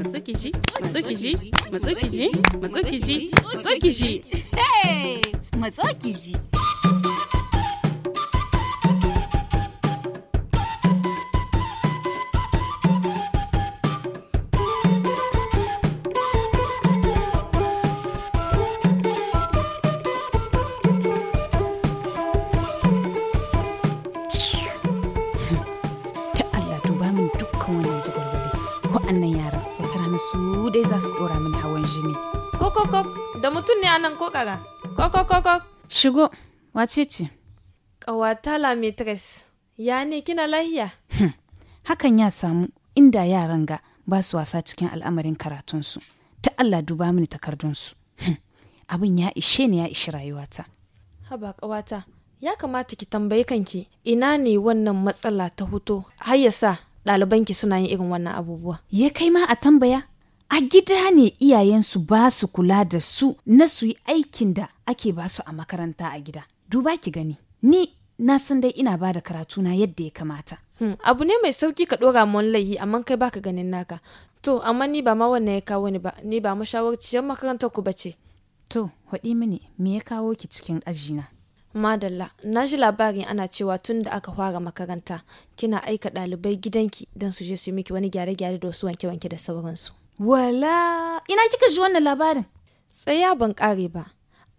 matsukiji matsukiji matsukiji matsukiji matsukiji matsukiji wa'annan yaran su dai za su min hawan jini kokokok da mutum ne anan ko kaga kokokokok shigo wace ce kawata la matres ya ne kina lahiya hmm. hakan ya samu inda yaran ga ba su wasa cikin al'amarin karatunsu ta Allah duba mini takardunsu hmm. abin ya ishe ni ya ishi rayuwata haba ƙawata ya kamata ki tambayi kanki ina ne wannan matsala ta hoto har ya sa ɗalibanki suna yin irin wannan abubuwa ya kai ma a tambaya a gida ne iyayensu ba su kula da su na su yi aikin da ake ba su a makaranta a gida duba ki gani ni na san dai ina ba da karatuna yadda ya kamata hmm, abu ne mai sauki ka dora mun laihi amma kai baka ganin naka to amma ni ba ma wannan ya kawo ni ba ni ba mashawarciyar makarantar ku bace to haɗi mini me ya kawo ki cikin ajina madalla na ji labarin ana cewa tun da aka fara makaranta kina aika ɗalibai gidanki don su je su yi miki wani gyare-gyare da wasu wanke-wanke da sauransu Wala, ina kika ji wannan labarin? Tsaya ban kare ba.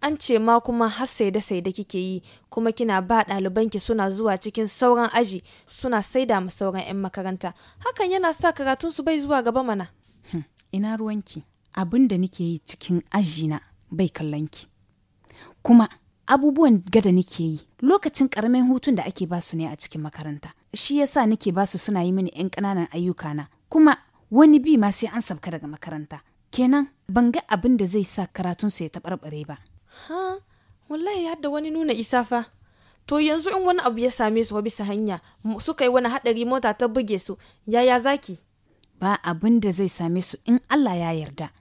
An ce ma kuma har sai saida saida kike yi kuma kina ba ɗalibanki suna zuwa cikin sauran aji suna saida ma sauran 'yan makaranta. Hakan yana sa karatunsu bai zuwa gaba mana. Hmm, ina ruwanki, abin da nike yi cikin aji na bai kallon ki Kuma abubuwan gada nike yi lokacin ƙaramin hutun da ake basu ne a cikin makaranta. Shi yasa nike basu suna yi mini 'yan ƙananan ayyuka na Kuma wani bi ma sai an sabka daga makaranta kenan ban ga abin da zai sa karatun karatunsa ya taɓarɓare ba ha wallahi hadda wani nuna isa fa to yanzu in wani abu ya same su bisa hanya suka yi wani haɗari mota ta buge su yaya zaki ba abin da zai same su in Allah ya yarda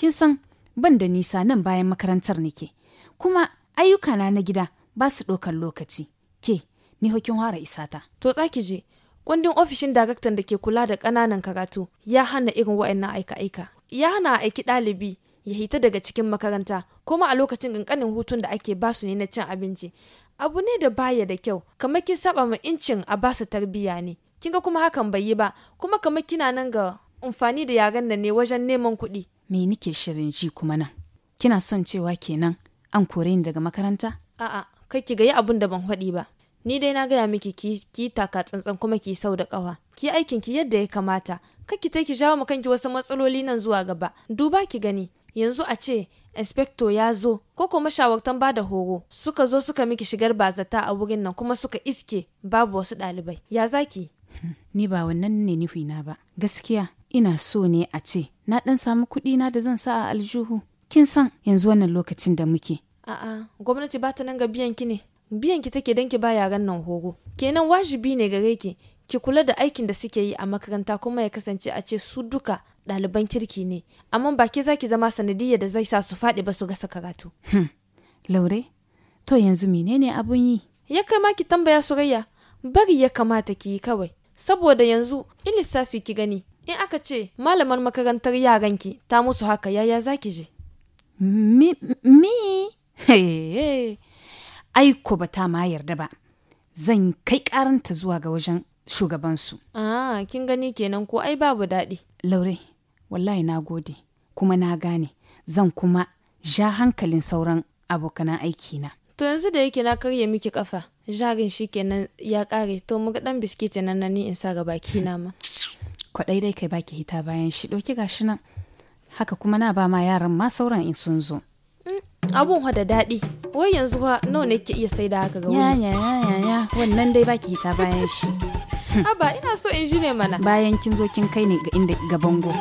kin san ban da nisa nan bayan makarantar nake kuma ayyukana na gida ba su ɗaukar lokaci ke ni hokin hara isata to tsaki je kundin ofishin daraktan da ke kula da ƙananan karatu ya hana irin wa'annan aika-aika ya hana a aiki ɗalibi ya hita daga cikin makaranta kuma a lokacin ƙanƙanin hutun da ake basu ne na cin abinci abu ne da baya da kyau kamar kin saba ma incin a basu tarbiyya ne kin ga kuma hakan bai yi ba kuma kamar kina nan ga amfani da yaren nan ne wajen neman kuɗi me nike shirin ji kuma nan kina son cewa kenan an kore ni daga makaranta a'a kai ki ga yi abun da ban faɗi ba ni dai na gaya miki ki ki taka tsantsan kuma ki sau da kawa ki aikin ki yadda ya kamata kaki ki ki jawo ma kanki wasu matsaloli nan zuwa gaba duba ki gani yanzu a ce inspector ya zo ko kuma shawartan bada horo suka zo suka miki shigar bazata a wurin nan kuma suka iske babu wasu ɗalibai ya zaki hmm, ni ba wannan ne nufi na ba gaskiya ina so ne a ce na ɗan samu kuɗi na da zan sa a aljuhu kin san yanzu wannan lokacin da muke a'a gwamnati ba ta nan ga biyan ki ne biyan ki take don ki baya yaran nan horo kenan wajibi ne gare ki ki kula da aikin da suke yi a makaranta kuma ya kasance a ce su duka ɗaliban kirki ne amma ba ke zaki zama sanadiyya da zai sa su faɗi ba su gasa karatu. Hmm. laure to yanzu menene abun yi. ya kai ma ki tambaya surayya bari ya kamata ki yi kawai saboda yanzu in lissafi ki gani in aka ce malamar makarantar yaran ki ta musu haka yaya zaki je. mi mi aiko ba ta ma yarda ba zan kai karanta zuwa ga wajen shugabansu. Ah, kin gani kenan ko ai babu daɗi. Laure, wallahi na gode, kuma na gane, zan kuma ja hankalin sauran abokanan na. To yanzu da yake na karya miki kafa, jarin shi kenan ya ƙare, to muga ɗan biskiti nan na ni in sa ga baki na ma. Kwaɗai dai kai baki hita bayan shi, ɗauki gashi nan. Haka kuma na ba ma yaran ma sauran in sun zo. Mm, abun da daɗi. wai yanzu wa nawa na iya sai da haka ga wani ya ya ya wannan dai baki ta bayan shi haba ina so in ji ne mana bayan kin zo kin kai ne ga inda ga bango